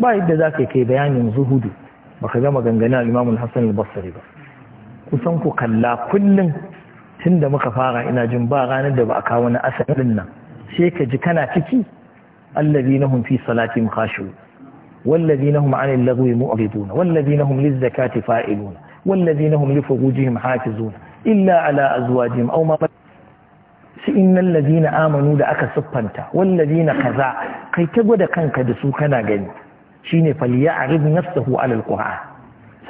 ba yadda za kai bayanin zuhudu ba ka gama gangana imamul hassan albastar ba kusan ku kalla kullum tunda muka fara ina jin ba ranar da ba a kawo wani asalin nan sai ka ji kana ciki allazi na hun fi salati mukashu wallazi na hun ma'anin lagu yi mu'aribuna wallazi na hun lizzakati fa'iluna wallazi na hun lifa gujihim hafizuna illa ala azuwajim au ma innan lazina amanu da aka siffanta wallazina kaza kai ta gwada kanka da su kana gani shine falya'rid nafsuhu alal qur'an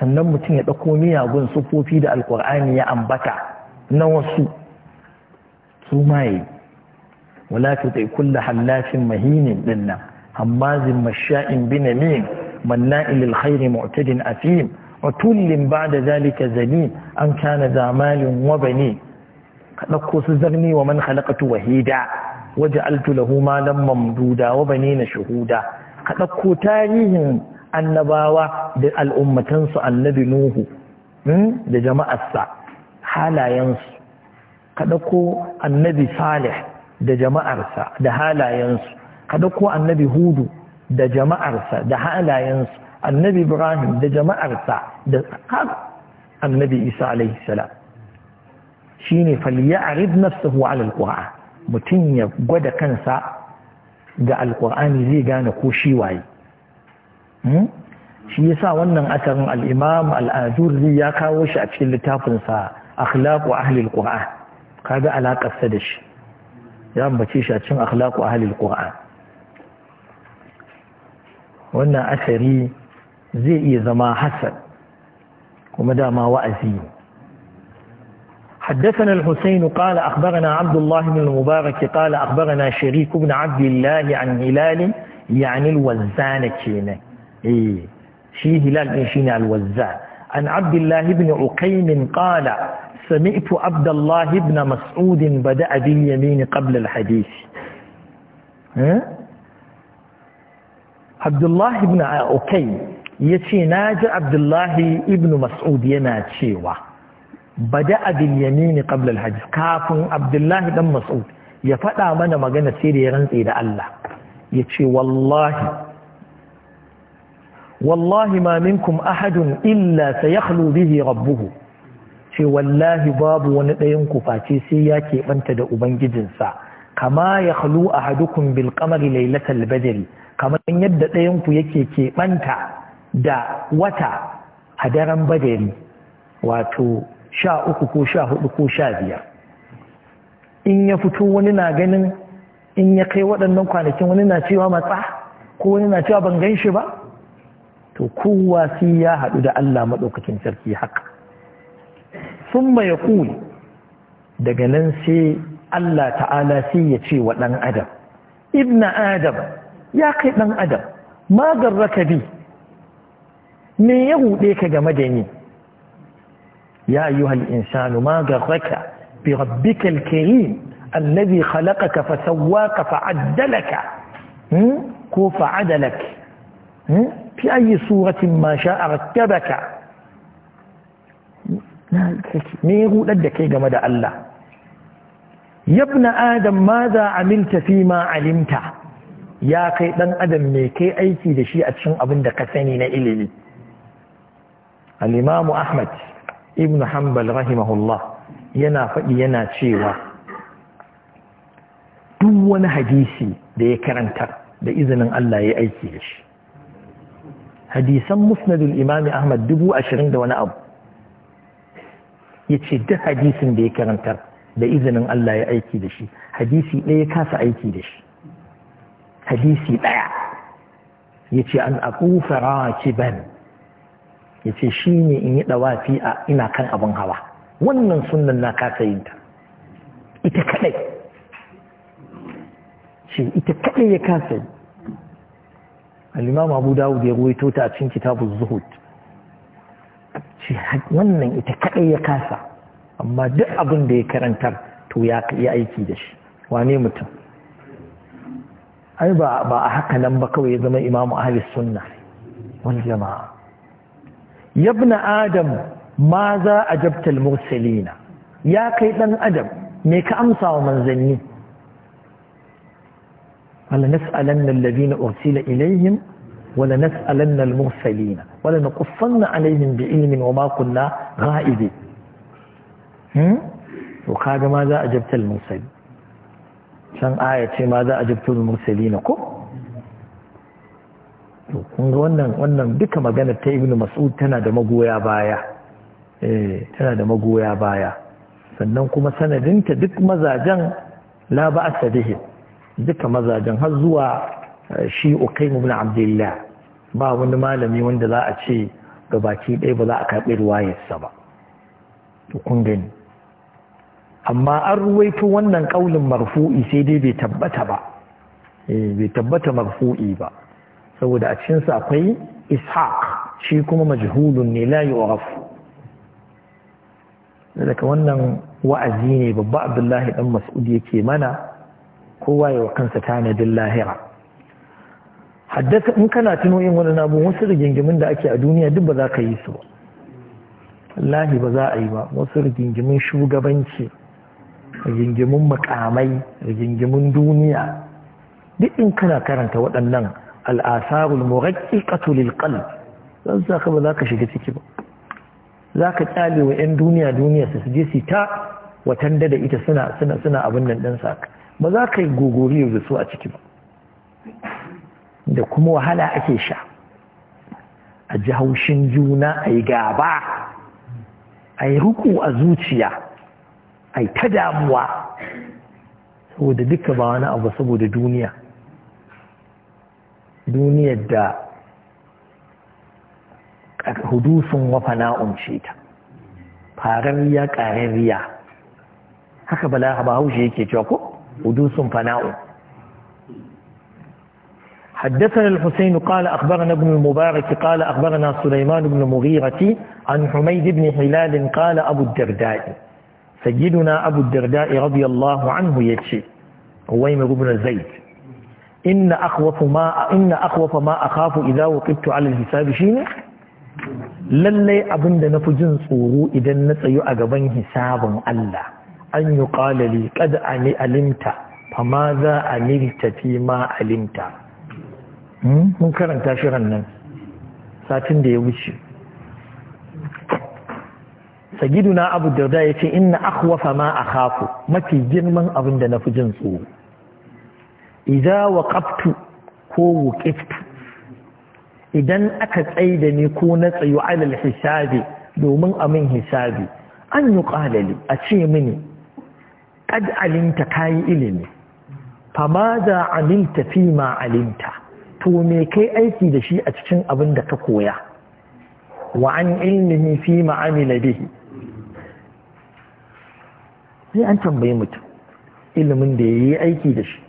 sannan mutum ya dauko miyagun sufofi da alqur'ani ya ambata na wasu su mai wala tuti kullu hallafin mahinin dinnan hammazin masha'in binamin manna'il lil khairi mu'tadin athim utullim ba'da zalika zalim an kana zamalin wa banin ka ɗauko su zarni wa man khalaqatu wahida waja'altu lahu malan mamduda wa banina shuhuda ka ɗauko tarihin annabawa da al'ummatansu annabi nuhu hmm, da jama'arsa halayensu ka ɗauko annabi salih da jama'arsa da halayensu ka ɗauko annabi hudu da jama'arsa da halayensu annabi ibrahim da jama'arsa da annabi isa alaihi salam shine falyarid nafsuhu ala alquran mutum ya gwada kansa ga alqur'ani zai gane ko shi waye hmm? shi yasa wannan asarin al-imam al ya kawo shi a cikin littafin sa akhlaqu ahli alquran kaga alaqar sa da shi ya ambace shi a cikin akhlaqu ahli alquran wannan asari zai iya zama Hassan kuma dama wa'azi ne حدثنا الحسين قال أخبرنا عبد الله بن المبارك قال أخبرنا شريك بن عبد الله عن هلال يعني الوزان كينا إيه شي هلال إيه؟ شينا الوزان عن عبد الله بن عقيم قال سمعت عبد الله بن مسعود بدأ باليمين قبل الحديث ها؟ عبد الله بن عقيم يتي ناجى عبد الله بن مسعود ينا تشيوه bada bil yamini qabla al kafin abdullahi dan mas'ud ya faɗa mana magana sai da ya rantse da Allah ya ce wallahi wallahi ma minkum ahadun illa sayakhlu bihi rabbuhu ce wallahi babu wani ɗayan ku face sai ya keɓanta da ubangijinsa kama ya khlu ahadukum bil qamari lailatal badri kamar yadda ɗayan ku yake keɓanta da wata a daren badari wato sha uku ko sha hudu ko sha biyar in ya fito wani na ganin in ya kai waɗannan kwanakin wani na cewa matsa ko wani na cewa ban gan shi ba to kowa sai ya haɗu da Allah maɗaukakin sarki haka sun ya daga nan sai Allah ta'ala sai ya ce wa ɗan adam ibna adam ya kai ɗan adam ma garraka bi me ya huɗe ka game da ni يا أيها الإنسان ما غرك بربك الكريم الذي خلقك فسواك فعدلك كو فعدلك في أي صورة ما شاء رتبك ميرو لدك جمد الله يا ابن آدم ماذا عملت فيما علمت يا كي دان أدم مي كي أيتي دشي أتشن أبن دكسنين إلي الإمام أحمد ibn hanbal rahimahullah yana faɗi yana cewa duk wani hadisi da ya karanta da izinin Allah ya aiki da shi hadisan musnadul imami ahmad dubu ashirin da wani abu ya ce duk hadisin da ya karanta da izinin Allah ya aiki da shi hadisi ɗaya kasa aiki da shi hadisi ɗaya ya ce an aku fara kiban ya ce shi ne in yi ɗawafi a ina kan abin hawa wannan sunan na kasa yin ta ita kaɗai shi ita kaɗai ya kasa yi al'imam abu dawud ya ruwaito ta a cikin kitabun zuhud shi wannan ita kaɗai ya kasa amma duk abin da ya karantar to ya aiki da shi wane mutum ai ba a haka nan ba kawai ya zama imamu ahli sunna wani jama'a يا ابن آدم ماذا أجبت المرسلين يا كيد أدم ميك أمسى ومن زني ولنسألن الذين أرسل إليهم ولنسألن المرسلين ولنقصن عليهم بعلم وما كنا غائبين وقال ماذا أجبت المرسلين شان آية ماذا أجبت المرسلين كو to wannan wannan duka magana ta ibn mas'ud tana da magoya baya eh tana da magoya baya sannan kuma sanadinta duk mazajen la ba'sa bihi duka mazajen har zuwa eh, shi ukaim ibn abdullah ba wani malami wanda za a ce gabaki ɗaya ba za a karɓi ruwayarsa ba to kun gani amma an ruwaito wannan ƙaunin marfu'i sai dai bai tabbata ba eh, bai tabbata marfu'i ba saboda a cikinsa akwai ishaq shi kuma majhulun ne la yu'raf daga wannan wa'azi ne babba abdullahi dan mas'ud yake mana kowa ya kansa tanadin lahira haddasa in kana tuno yin wannan abu wasu rigingimin da ake a duniya duk ba za ka yi su ba wallahi ba za a yi ba wasu rigingimin shugabanci rigingimin makamai rigingimin duniya duk in kana karanta waɗannan al'asarul muraƙiƙatu lil qalb zan saka ba za ka shiga ciki ba za ka ƙyale wa 'yan duniya duniya su je su ta watan da ita suna suna suna abin nan ɗin saka ba za ka yi gogori da su a ciki ba da kuma wahala ake sha a ji haushin juna a yi gaba a yi ruku a zuciya a yi ta damuwa saboda duka ba wani abu saboda duniya دنيا دا هدوس وفناء شيتا فارميا كاريا هكا بلا haka bala bahaushe yake cewa حدثنا الحسين قال أخبرنا ابن المبارك قال أخبرنا سليمان بن المغيرة عن حميد بن هلال قال أبو الدرداء سيدنا أبو الدرداء رضي الله عنه يتشي هويمر بن زيد inna akwafa ma inna akhwafa ma akhafu idza waqiftu ala al shine lallai abinda nafi jin tsoro idan na tsayo a gaban hisabin Allah an yi kada a ne alimta fama za amilta fi ma alimta hmm? mun karanta shirin nan satin da ya wuce sagiduna abu ya ce inna akwafa ma kafu, mafi girman abinda nafi jin tsoro wa waqaftu ko wuqiftu idan aka tsaye da ni ko na tsayo alal hisabi domin a min hisabi an yi ƙalali a ce mini ƙad ka kayi ilimi fama da alimta fi ma alinta to me kai aiki da shi a cikin abin da ka koya wa an ilmihi fi ma'amila bihi sai an tambayi mutum ilimin da ya yi aiki da shi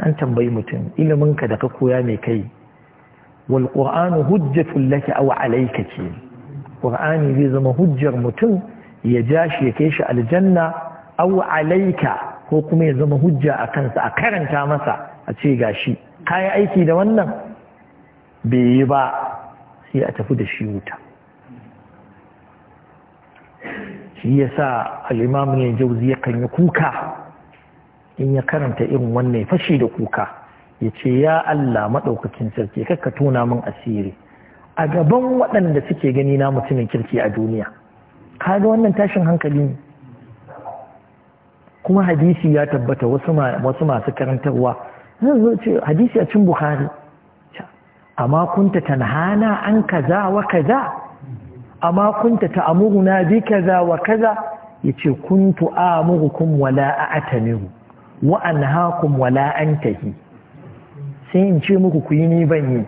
an tambayi mutum iliminka da ka koya mai kai wal qur'anu hujjatul laka aw alayka ce qur'ani zai zama hujjar mutum ya ja shi ya kai shi aljanna aw alayka ko kuma ya zama hujja a kansa a karanta masa a ce gashi kai aiki da wannan bai yi ba sai a tafi da shi wuta shi yasa al-imam ne jauzi yakan yi kuka in ya karanta irin wannan fashi da kuka ya ce ya Allah maɗaukakin sarki ka tona min asiri a gaban waɗanda suke gani na mutumin kirki a duniya kaga wannan tashin hankali ne kuma hadisi ya tabbata wasu masu karantarwa hadisi a cin bukhari amma kunta tanhana an kaza wa kaza amma kunta ta'amuruna bi kaza wa kaza yace kuntu amurukum wala a'tamiru wa anhaakum wala antahi sai in ce muku ku yi ni ban yi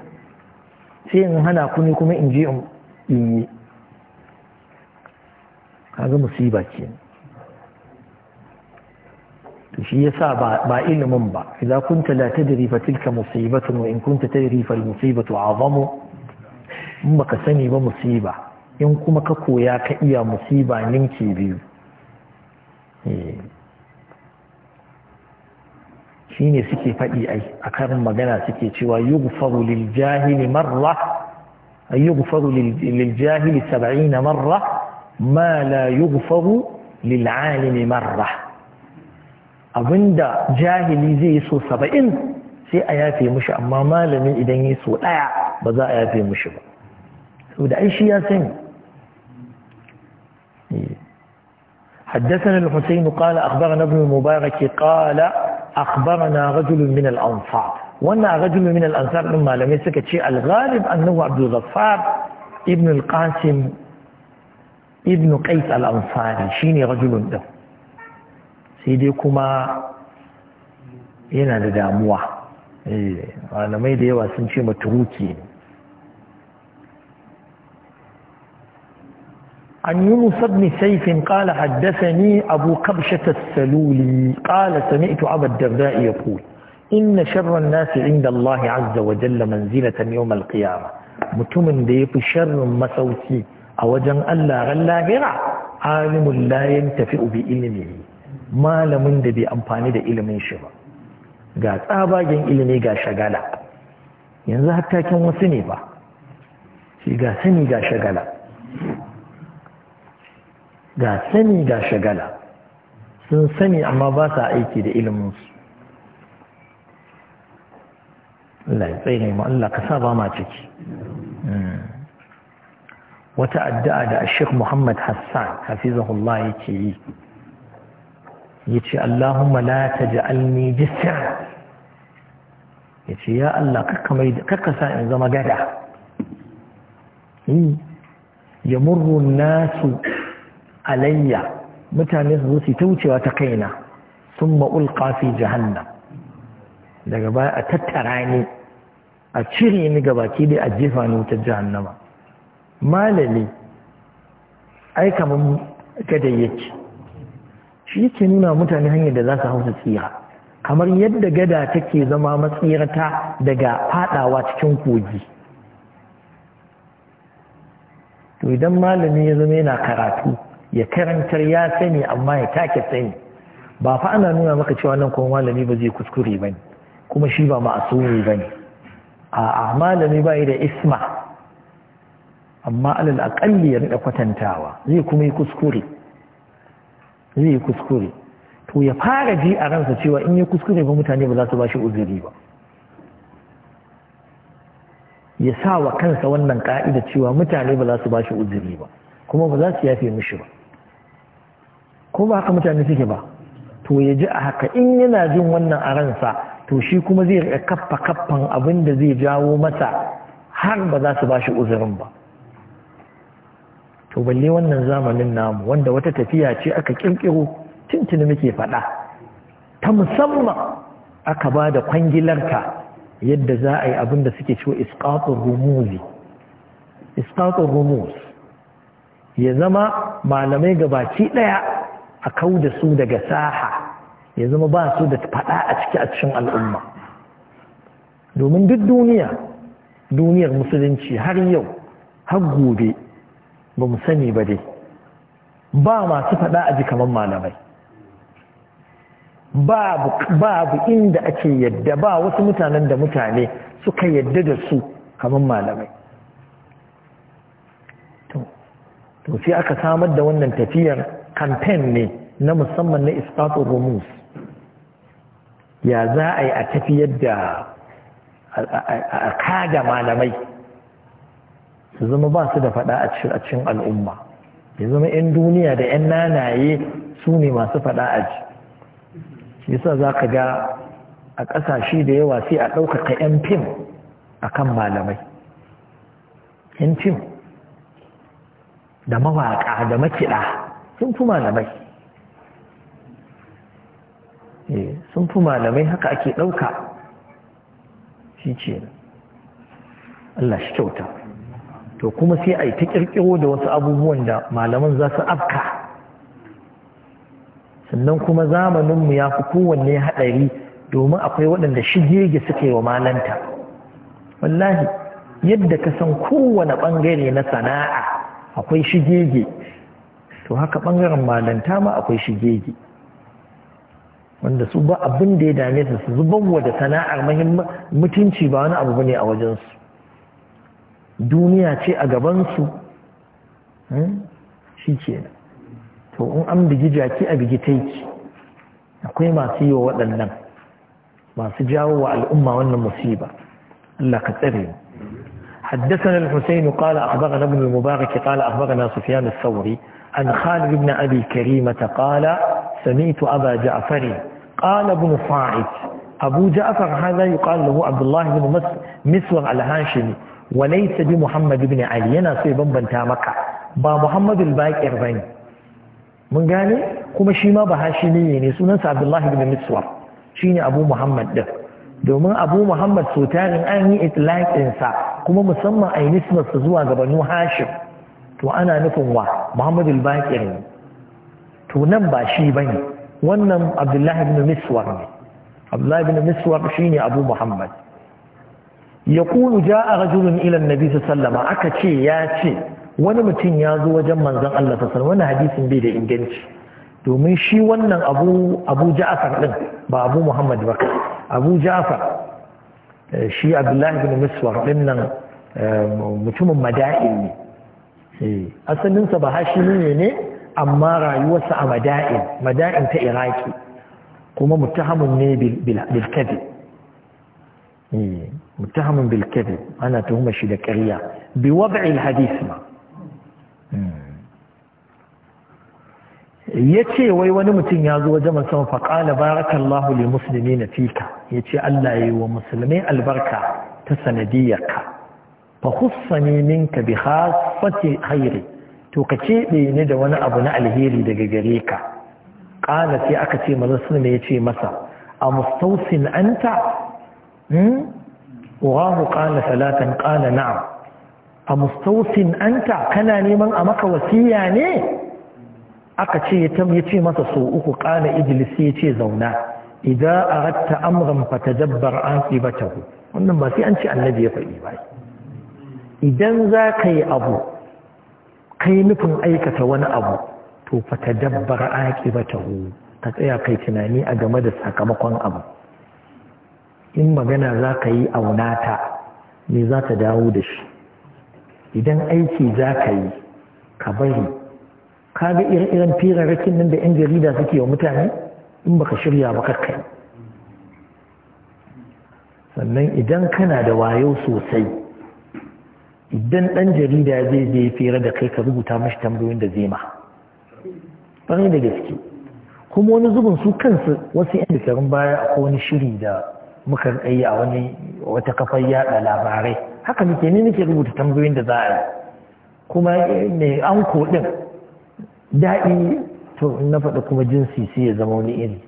sai in hana ku ni kuma in je in yi kaga musiba ce to shi yasa ba ba ilimin ba idan kunta la tadri fa tilka musibatu wa in kunta tadri fa musibatu azamu in baka sani ba musiba in kuma ka koya ka iya musiba ninki biyu eh. shine suke fadi ai akan magana suke cewa yughfaru lil jahili marra ay yughfaru lil jahili 70 marra ma la yughfaru lil alimi marra abinda jahili zai yi so 70 sai a yafe mushi amma malamin idan yi so daya ba za a yafe mushi ba saboda ai shi ya sani حدثنا الحسين قال أخبرنا ابن المبارك قال أخبرنا رجل من الأنصار وانا رجل من الأنصار مما لم يسكت شيء الغالب أنه عبد الغفار ابن القاسم ابن قيس الأنصاري شيني رجل ده سيدي كما ينا لداموه malamai da yawa sun ce maturuki عن يونس بن سيف قال حدثني أبو كبشة السلولي قال سمعت أبا الدرداء يقول إن شر الناس عند الله عز وجل منزلة يوم القيامة متمن ديق شر مسوسي أوجن ألا غلا غرا عالم لا ينتفئ بإلمه ما لمن دبي أمباني دا إلمين شبا قال جن إلمي غا شغالا ينزهت تاكن وسني با في غا سني شغالا ga sani ga shagala sun sani amma ba sa aiki da iliminsu Allah ya tsaye mu Allah ka sa ba ma ciki hmm. wata addu'a da Sheikh Muhammad Hassan hafizahullah yake yi yace Allahumma la taj'alni jisra ya ce kakka mai kakka sa in zama gada hmm. ya an-nasu alayya mutane su zo su ta wucewa ta kaina sun ma'ul fi jahannam daga baya a tattara ni a cire ni ga baki dai a jefa ni wutar jahannama malali ai kamar gada yake shi yake nuna mutane hanyar da za su hausa tsira kamar yadda gada take zama matsirata daga fadawa cikin kogi to idan malami ya zama yana karatu ya karantar ya sani amma ya take sani ba fa ana nuna maka cewa nan kuma malami ba zai kuskure ba ne kuma shi ba ma'asumi ba ne a malami ba da isma amma alal aƙalli ya riƙa kwatantawa zai kuma yi kuskure zai yi kuskure to ya fara ji a ransa cewa in yi kuskure ba mutane ba za su ba shi uzuri ba ya sa wa kansa wannan ka'ida cewa mutane ba za su ba shi uzuri ba kuma ba za su yafe mishi ba ko ba haka mutane suke ba to ya ji a haka in yana jin wannan a ransa to shi kuma zai riƙa kaffa kaffan abin da zai jawo masa har ba za su ba shi uzurin ba to balle wannan zamanin namu wanda wata tafiya ce aka kirkiro tuntuni muke faɗa ta musamman aka ba da kwangilarta yadda za a yi abin da suke ciwo iskatun rumuzi iskatun rumuz ya zama malamai gabaki ɗaya a kau da su daga saha ya zama ba su da faɗa a ciki a cikin al'umma domin duk duniya duniyar musulunci har yau har gobe ba mu sani ba dai ba masu faɗa a ji kamar malamai babu inda ake yadda ba wasu mutanen da mutane suka yadda da su kamar malamai to sai aka samar da wannan tafiyar kamfen ne na musamman na ispatun rumus ya za a yi a tafiyar da a kada malamai su zama ba su da fada a cikin al'umma ya zama 'yan duniya da 'yan nanaye su ne masu fada a ji yasa za ka ga a ƙasashe da yawa sai a ɗaukaka 'yan fim a kan malamai 'yan fim da mawaƙa da makiɗa sun fi malamai eh, sun fi malamai haka ake ɗauka shi ce Allah shi kyauta to kuma sai a yi ta ƙirƙiro da wasu abubuwan da malaman za su afka sannan kuma zamaninmu ya fi kowanne haɗari domin akwai waɗanda shigege suke yi wa malanta wallahi yadda ka san kowane ɓangare na sana'a akwai shigege to haka ɓangaren malanta ma akwai shigege wanda su ba abin da ya dame su su zubarwa da sana'ar mutunci ba wani abu bane a wajensu duniya ce a gabansu hmm? shi ke to in an bigi jaki a bigi taiki akwai masu yi wa waɗannan masu jawo wa al'umma wannan musiba Allah ka tsare حدثنا الحسين قال أخبرنا ابن المبارك قال أخبرنا سفيان الثوري عن خالد بن أبي كريمة قال سمعت أبا جعفر قال ابن صاعد أبو جعفر هذا يقال له عبد الله بن مسور الهاشمي وليس بمحمد بن علي أنا سيبن بن تامك با محمد الباكر بني من قال كما شيما بهاشمي يعني سننس عبد الله بن مسور شيني أبو محمد ده domin abu muhammad so tarin an yi itlaƙinsa kuma musamman a yi nisbarsa zuwa ga banu hashim to ana nufin wa Muhammadu al-Baqir ne to nan ba shi bane wannan Abdullahi ibn Miswar ne Abdullahi ibn Miswar shine Abu Muhammad yaqulu a rajulun ilan nabi sallallahu aka ce ya ce wani mutum ya zo wajen manzon Allah sallama wani hadisin bai da inganci domin shi wannan Abu Abu Ja'far din ba Abu Muhammad ba Abu Ja'far eh, shi Abdullahi ibn Miswar din nan eh, mutumin mada'in ne Eh. asalinsa ba hashimi ne ne amma rayuwarsa a mada'in mada'in ta iraki kuma mutahamun ne bilkadi eh, mutahamun bilkadi ana tuhuma shi da ƙarya bi wab'il hadis ma hmm. ya ce wai wani mutum ya zo wajen musamman faƙala barakallahu li musulmi na fika ya ce Allah ya yi wa musulmai albarka ta sanadiyarka fa khussani minka bi khassati khairi to ka keɓe ni da wani abu na alheri daga gare ka ƙala sai aka ce manzon sallallahu ya ce masa a mustausin anta hmm urahu qala salatan qala na'am a mustausin anta kana neman a maka wasiya ne aka ce ya ce masa so uku ƙala ijlisi ya ce zauna idza aradta amran fatajabbar an ibatahu wannan ba sai an ce annabi ya faɗi ba idan za ka yi abu kai nufin aikata wani abu to fa ta dabbar hu ka tsaya kai tunani a game da sakamakon abu in magana za ka yi aunata me za ta dawo da shi idan aiki za ka yi ka bari ka ga ire firarrakin nan da 'yan jarida suke wa mutane in baka shirya ba kai sannan idan kana da wayo sosai idan ɗan jarida zai yi fira da kai ka rubuta mashi tambayoyin da zai ma ɓarai da gaske kuma wani zubin su kansu wasu yan dukkanin baya akwai wani shiri da muka ɗaya a wani wata kafar yada labarai haka muke ne nake rubuta tambayoyin da za a yi kuma mai an koɗin daɗi to na faɗa kuma jinsi sai ya zama wani iri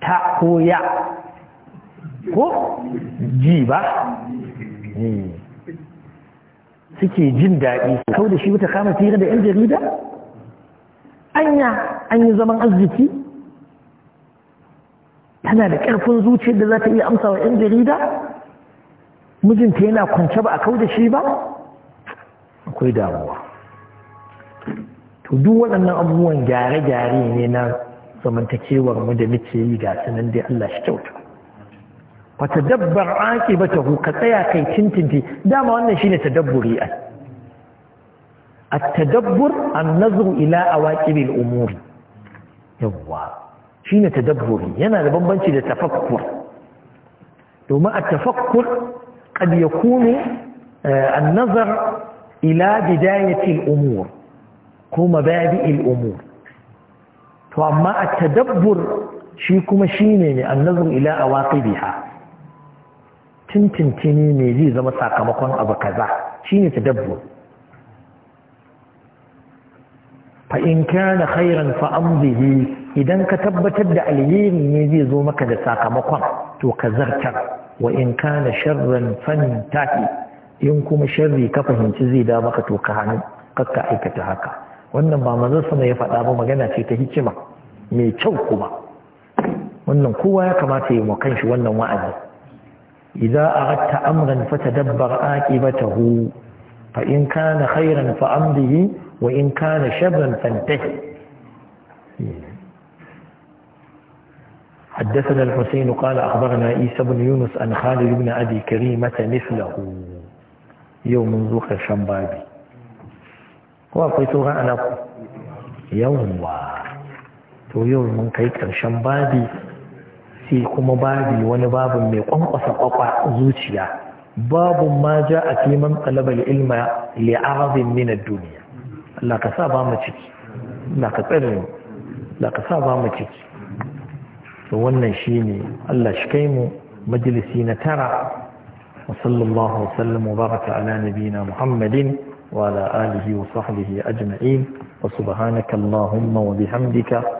ta ko ya ko ji ba eh. suke jin daɗi kau da shi wata kama fiye da 'yan jarida anya an yi zaman arziki tana da ƙarfin zuciyar da za ta iya amsa wa 'yan jarida mijinta yana kwance ba a kau da shi ba akwai damuwa to duk waɗannan abubuwan gyare-gyare ne na zamantakewar mu da muke yi ga sanan dai Allah shi kyauta fata dabbar aki ba ta ka tsaya kai tintinti dama wannan shine tadabburi ai at-tadabbur an-nazru ila a awaqibil umuri yawwa shine tadabburi yana da bambanci da tafakkur domin at-tafakkur ya yakunu eh, an-nazar ila bidayatil umur ko mabadi'il umur to amma at-tadabbur shi kuma shine ne an-nazru ila a awaqibiha tintintini ne zai zama sakamakon abu kaza shine ta fa in kana khairan fa amdihi idan ka tabbatar da alheri ne zai zo maka da sakamakon to ka zartar wa in kana sharran fantahi in kuma sharri ka fahimci zai da maka to ka hannu kakka aikata haka wannan ba manzon sama ya faɗa ba magana ce ta hikima mai kyau kuma wannan kowa ya kamata ya wa kanshi wannan wa'azi إذا أردت أمرا فتدبر آكبته فإن كان خيرا فأمضه وإن كان شرا فانتهي حدثنا الحسين قال أخبرنا عيسى بن يونس أن خالد بن أبي كريمة مثله يوم زوخ الشمبابي وقلت أنا يوم تو يوم من كيك الشمبابي sai kuma babi wani babin mai kwankwasa kwakwa zuciya babu ma ja a fiman talabar ilma li'arazin min duniya Allah ka sa ba mu ciki Allah ka tsare mu Allah ka sa ba mu ciki to wannan shine Allah shi kai mu majalisi na tara wa sallallahu sallam wa baraka ala nabina Muhammadin wa ala alihi wa sahbihi ajma'in wa subhanaka Allahumma wa bihamdika